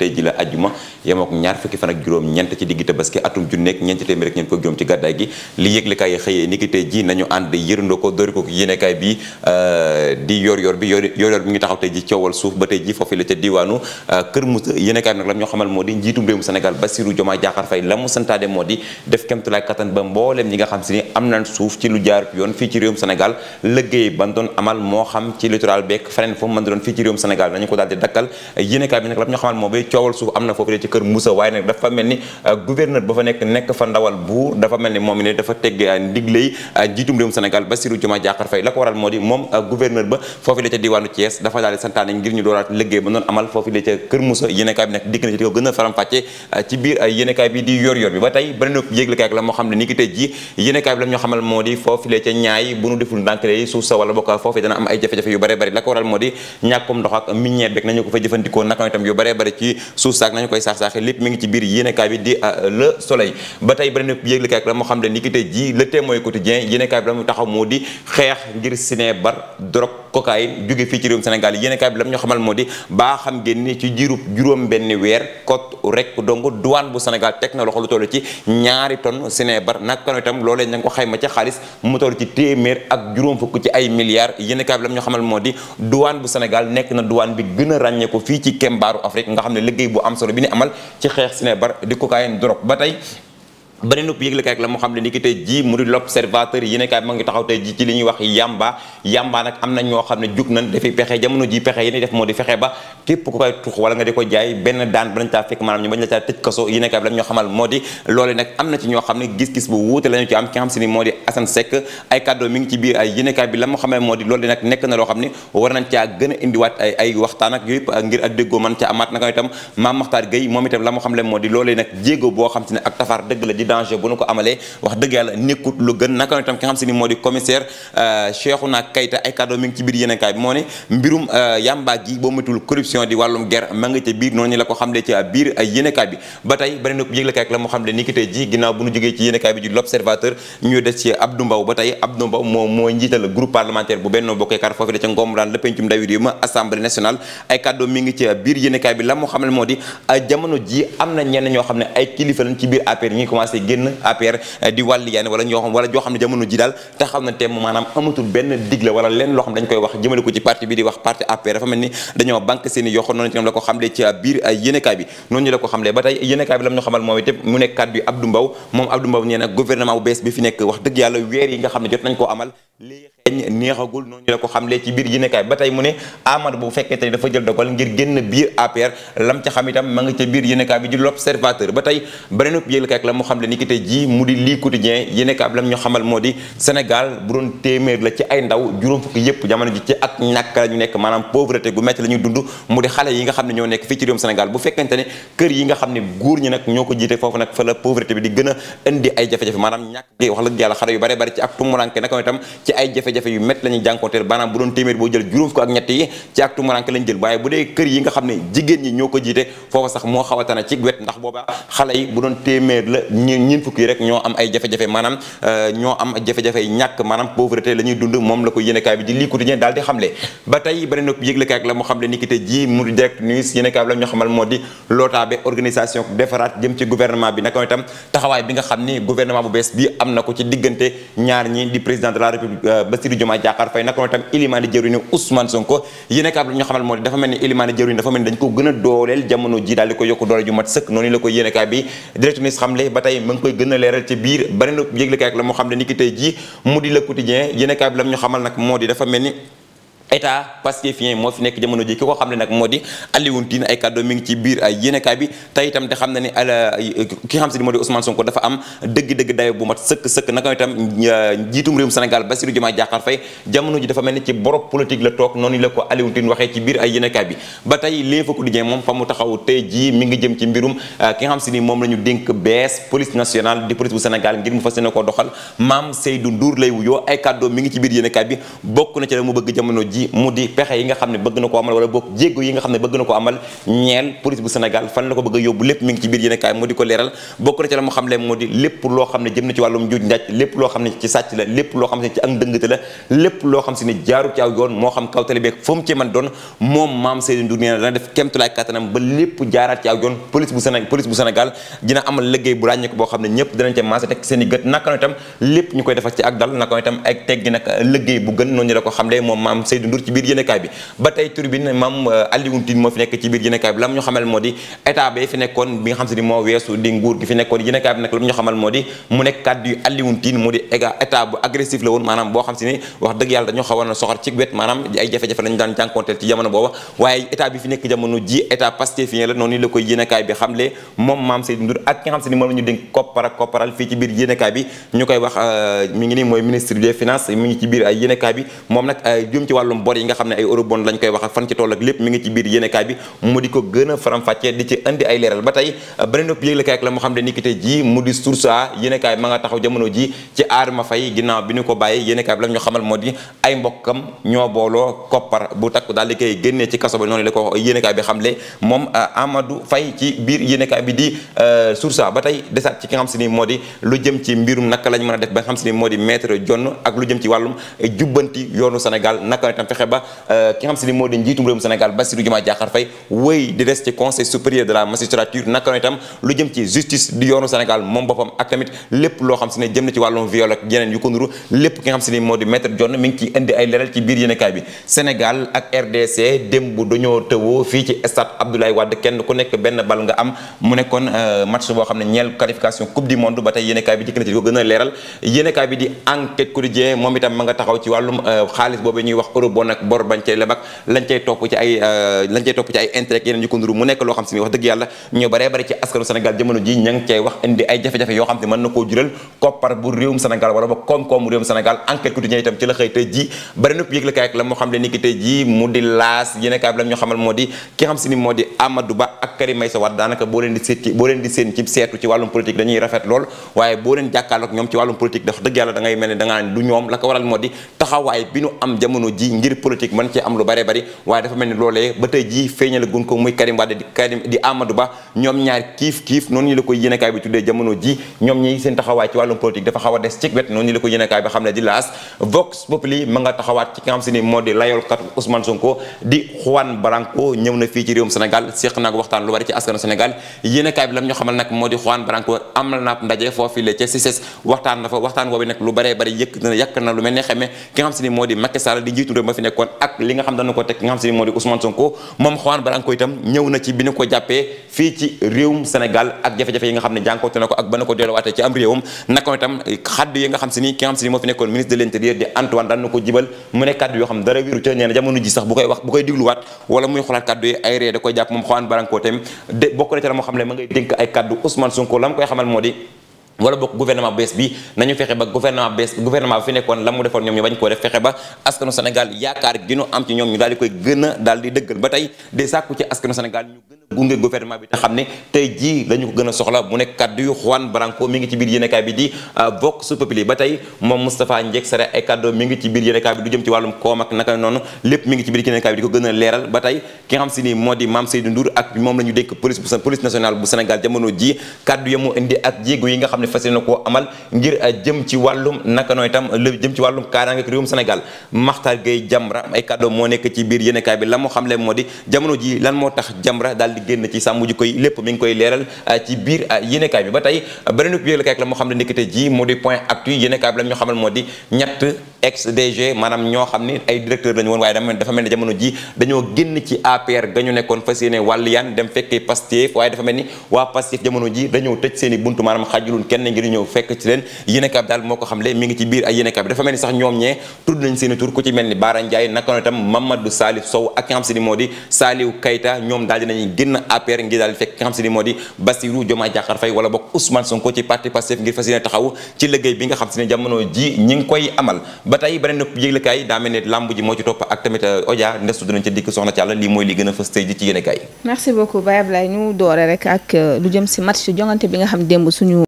tey ji la ajjuma yemoo ak ñaar fukki fan ak juróom ñeent ci diggi tabaski atum junneeg ñeent téeméer ak ñeent fukk juróom ci gàddaay gi li yëglekaay yi xëyee ni tey ji nañu ànd yërëndoo ko dóori ko bi euh, di suuf ba tey ji foofu la ca euh, xamal moo di njiitum réewum Sénégal Bassirou Diomaye la moo di ba mbooleem ñi nga xam si ni am nañ suuf ci lu jaar yoon fii ci réewum Sénégal liggéey ban doon moo xam ci littoral beek feneen foofu mën doon ko daal di dakkal coowal suuf am na foofu de ci kër Moussa waaye nag dafa mel ni euh, gouverneur ba fa nekk nekk fa ndawal buur dafa mel ni moom ne dafa tegg euh, ndigle yi euh, jiitum réewum Sénégal Bassirou Diomaye Diakhar Faye la ko waral moo di moom gouverneur na ndox ak minière bek nañu ko fa jëfandikoo naka itam yu bare bari ci suuf saak nañu koy saax-saaxe lépp mu ngi ci biir yéenekaay bi di euh, le soleil ba tey ba beneen yëglekaay la moo xam ne ni ki tey ji le témoin quotidien yéenekaay bi la mu taxaw moo di xeex ngir sineebar drogue cocaïne jóge fii ci réewum Sénégal yéenekaay bi lam ñu xamal moo di baa xam ngeen ni ci jirub juróom benn weer kot rek donc duwaan bu senegal teg na loxo lu toll ci ñaari tonnes sinébar naka noonu itam loolee ña ngi ko xayma ca xaalis mu toll ci téeméer ak juróom fukk ci ay milliards yéenekaay bi lam ñu xamal moo di douane bu senegal nekk na duwaan bi gën ràññeeku fii ci kembaaru Afrique nga xam ne liggéey bu am solo bi ni amal ci xeex sinébar di cocaïne drogue ba tey beneen ëpp yëgle kaay ak la moo xam ne ni ki tey ji mu di l'observateur yi nekkaay ma ngi taxaw tey ji ci li ñuy wax yamba yamba nag am na ñoo xam pexe jamono ji pexe yi moo di fexe ba képp ku koy tux wala nga di ko jaay benn daan ba nañ moo di na ci ñoo xam ne gis-gis bu wuute la ñu ci am ki xam si ni moo di Assane Seck ay kàddoo mi ngi ci biir ay yénekaay bi la moo xam ne moo di loolu nag nekk na loo xam ne war nañ caa gën a indiwaat ay ay waxtaan ak yëpp ngir a déggoo man ca amaat naka itam Mame Makhtar Gueye moom itam la moo xam ne moo di loolu nag jéego xam si ne danger bu nu ko amalee wax dëgg yàlla lu gën naka noonu itam ki xam se ni moo di commissaire euh, Cheikhouna Keita ay kàddu mi ngi ci biir yéenekaay bi euh, la ko xam euh, moo bu nu jógee ci yéenekaay bi di l'observateur jamono ji am na ñenn ñoo xam ne ay kilifa lañ ci biir APR ñi commencé commencé génn APR euh, di wàlli yaani wala ñoo xam xam ne jamono ji daal taxaw na temm maanaam amatul benn digle wala lenn loo xam dañ koy wax jëmale ko ci parti bi di wax parti APR dafa mel ni dañoo banque seeni yoxoon noonu la ko xamle ci euh, biir euh, yéenekaay bi noonu la ko xamle ba tey yéenekaay bi lam ñu xamal moom itam mu nekk kàddu Abdou Mbow moom Abdou Mbow nee na gouvernement bu bees bi fi nekk wax dëgg yàlla weer yi nga xam ne jot nañ koo amal lii xeeñ neexagul noonu la ko xamle ci biir yéenekaay ba tey mu ne amana bu fekkee tey dafa jël dogal ngir génn biir APR lam ca xam itam ma nga ca biir yéenekaay bi di l'observateur ba tey beneen yéenekaay la mu xamle ni ki jii mu di lii quotidien yéenekaay bi lam ñu xamal moo di Sénégal bu doon téeméer la ci ay ndaw juróom fukki yëpp jamono ji ak ñàkk la ñu nekk maanaam pauvreté gu metti la ñuy dund mu di xale yi nga xam ne ñoo nekk fii ci réewum Sénégal bu fekkente ne nga xam ne góor ñi ñoo ko jiite foofu nag fa la bi di gën a indi ay jafe maanaam ñàkk wax la yàlla xale yu bare bare ci ak tumuranke naka itam ci ay jafe-jafe yu métti la ñuy jànkonteel maanaam bu doon téeméer boo jël juróom fukk ak ñett yi ci ak tumuranke lañ jël waaye bu dee kër yi nga xam ne jigéen ñi ñoo ko jiite foofa sax moo xaw a tane ci wet ndax booba xale yi bu doon téeméer la ñu ñin fukk rek ñoo am ay jafe-jafe maanaam euh, ñoo am jafe-jafe yi ñàkk maanaam pauvreté la ñuy dund moom la ko yéenekaay bi di lii quotidien daal di xamle ba tey bari na yëglekaay ak la mu ji mu direct news yéenekaay bi la xamal moo di lootaabe organisation defaraat jëm ci gouvernement bi naka itam taxawaay bi nga xam ni gouvernement bu bees bi am na ko ci diggante ñaar ñi di président Euh, Bassirou Diomaye Diakhar Faye naka noonu tam ilimaani jëriñu Ousmane Sonko yéene kaab xamal moo dafa mel ni ilimaani jëriñu dafa mel ni dañ ko gën dooleel jamono ji daal di ko yokk doole ju sëkk noonu la ko yéene kaab bi direct ba tey ma ngi koy gën leeral ci biir bari na yëgle kaay ak la moo xam ne ni ki ji mu di le quotidien yéene kaab bi lam ñu xamal nag moo di dafa mel ni état pastéfien moo fi nekk jamono ji ki ko xam ne nag moo di Alioune Tine ay kàddu biir ay yéenekaay bi tey itam te xam na ne ala ki xam si dafa am dëgg-dëgg dayo bu mat sëkk sëkk naka itam euh, njiitum réewum Sénégal Bassirou Diomaye Diakhar Faye jamono ji dafa mel ni ci borop la toog noonu la ko waxee ci biir ay yéenekaay bi ba tey mu taxaw tey jii mi ngi jëm ci mbirum euh, ki nga moom la ñu dénk bees police nationale di police bu mu fas yéene koo doxal Mame Seydou Ndour lay wuyoo ay mi ngi ci biir yéenekaay bi bokk na ci la mu bëgg jamono ji ji mu di pexe yi nga xam ne bëgg na ko amal wala boog jéego yi nga xam ne bëgg na ko amal ñeel police bu Sénégal fan la ko bëgg yóbbu lépp mi ngi ci biir yéenekaay mu di ko leeral bokk ne ci la lépp xam ne ci ak ci aw teg seen gët naka itam lépp ñu koy defar ci ak dal naka itam ak teggi nag liggéey bu gën noonu la ko xam le moom maam Seydou Ndour ci biir yéenekaay bi ba tey turbine maam Alioune Tine moo fi nekk ci biir yéenekaay bi lam ñu xamal moo di état bi fi nekkoon bi nga xam si ni moo ni la koy yéenekaay bi xamle moom maam Seydou Ndour ak nga xam si ni moom la ñu dénk kopparal fii ci biir yéenekaay bi ñu koy wax euh, mi ngi ni mooy ministre des finances mi ngi ci biir ay bi moom nag euh, jëm ci wàllu maanaam yi nga xam ne ay eurobond lañ koy wax ak fan ci toll ak lépp mi ngi ci biir yéenekaay bi mu di ko gën a faram-fàccee di ci indi ay leeral ba tey beneen ëpp yëglekaay moo xam ne ni ki tey jii mu a yéenekaay ma nga taxaw ci aarma bi ñu xamal ba noonu la ko yéenekaay bi xamle moom euh, Amadou Faye ci biir yéenekaay bi di euh, source ba tey desaat ci ki xam si ni moo di lu jëm ci mbirum naka lañ mën a def ba xam si ni moo di maître jonn ak lu jëm ci wàllum jubbanti yoonu Sénégal naka fexe ba euh, ki nga xam si ni moo di njiitum réewum Sénégal Bassirou Diomaye Diakhar Faye wéy di des ci conseil supérieur de la magistrature naka noonu itam lu jëm ci justice di yoonu Sénégal moom boppam ak tamit lépp loo xam si ne jëm na ci wàllum viol yu ko nuru lépp ki xam si ni moo di euh, match boo xam ne ñeel qualification coupe du monde ba tey yéenekaay bi jëkk na ci ko gën a leeral yéenekaay bi di enquête quotidien moom itam ma nga taxaw ci wàllum euh, xaalis boobu bon ak bor bañ cay leb lañ ci topp ci ay euh, intérêt yeneen yu ko mu nekk loo xam si ni wax dëgg yàlla ñoo baree bari ci askanu Sénégal jamono ji ña ci la xëy tey ji bari nëpp yëgle kaay ak la moo xam le ki tey mu di laas yéen kaay bi lam xamal moo di ki xam si ni moo di Amadou Ba ak Karim Meïssa Wade daanaka boo leen di seet ci seetu ci wàllum politique dañuy rafet lool waaye boo leen jàkkaarloog ñoom ci wàllum politique dafa dëgg yàlla ngir politique mën cee am lu bare bari waaye dafa mel ni ba a nga taxawaat ci ki xam se moo di layoolkat Ousmane Sonko di Juan Branco ñëw na fii ci réewum Sénégal séq naak waxtaan lu bari ci askanu Sénégal yéenekaay bi lam ñu xamal nag moo di Juan Branco am na naab ndaje foofu le ca CICES waxtaan dafa waxtaan woowu nag lu bare bari yëkk na yàkk na lu mel ne xamee ki nga xam se moo di Macky di njiitu réew moo fi nekkoon ak li nga xam dañu ko teg nga xam si moo di Ousmane Sonko moom Juan Branco itam ñëw na ci bi ko jàppee fii ci réewum Sénégal ak jafe-jafe yi nga xam ne jànkoonte ko jibal mu ne kaddu yoo xam dara wiiru ca nee jamono ji sax bu koy wax bu koy digluwaat wala muy xoolaat kaddu ay ree koy jàpp moom Juan Branco itam de bokk na ca la xam ne ma ngay dénk ay kaddu Ousmane Sonko la mu koy xamal moo di wala bokk gouvernement bees bi nañu fexe ba gouvernement bees gouvernement bi fi nekkoon la mu defoon ñoom ñu bañ koo def fexe ba askanu Sénégal yaakaar gi ñu am ci ñoom euh, police nationale bu Sénégal jamono ji kaddu ya mu indi ak jéego yi nga xam ne fas yéene koo amal ngir euh, jëm ci wàllum naka nooy tam lu jëm ci wàllum kaaraange réewum Sénégal Makhtar Gueye Jamra ay kàddoom moo nekk ci biir yéenekaay bi la moo xam le moo di jamono ji lan moo tax Jamra daal di génn ci sàmm ji lépp mi ngi koy leeral euh, ci biir euh, yéenekaay bi ba tey beneen yéenekaay xam ne nekkate ji moo di point actu yéenekaay bi la ñu xamal moo di ñett ex DG maanaam ñoo xam ni ay directeur lañu woon waaye dafa mel ni jamono ji dañoo génn ci APR ga ñu nekkoon fas yéene wàll yaan dem fekkee Pastef waa Pastef jamono ji dañoo tëj seen i maanaam xaajulun fenn ngir ñëw fekk ci leen yéenekaay moo ko xamle mi ngi ci biir ay yéenekaay bi bokk Ousmane Sonko euh, ñu doore rek ak euh, lu jëm si match jongante bi nga xam démb suñu